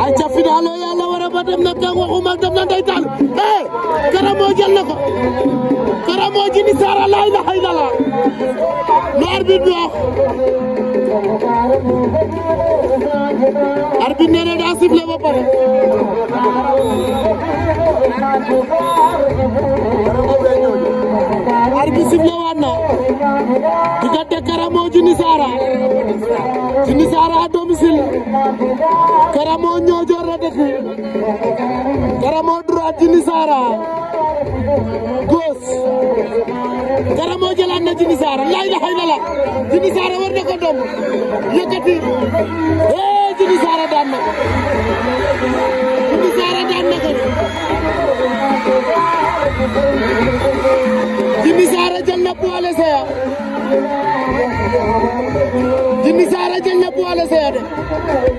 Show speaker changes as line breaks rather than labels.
ay ca final la yàlla war a na tàng waxuma dem na day taal eh Karamo saara laa ilaaha illallaah lu bi wax arbitre nee na daa ba pare arbitre sifflé waat na diggante Karamo jini saara à domicile Karamo dëkk Karamo droit Jini Sara gauche Karamo jëlaat na Jini Sara lay la na la Jini Sara war na ko dom yëkkati eh Jini Sara daan na Jini Sara daan na Jini Sara jël na poids léger Jimbi Saara jël na poids léger de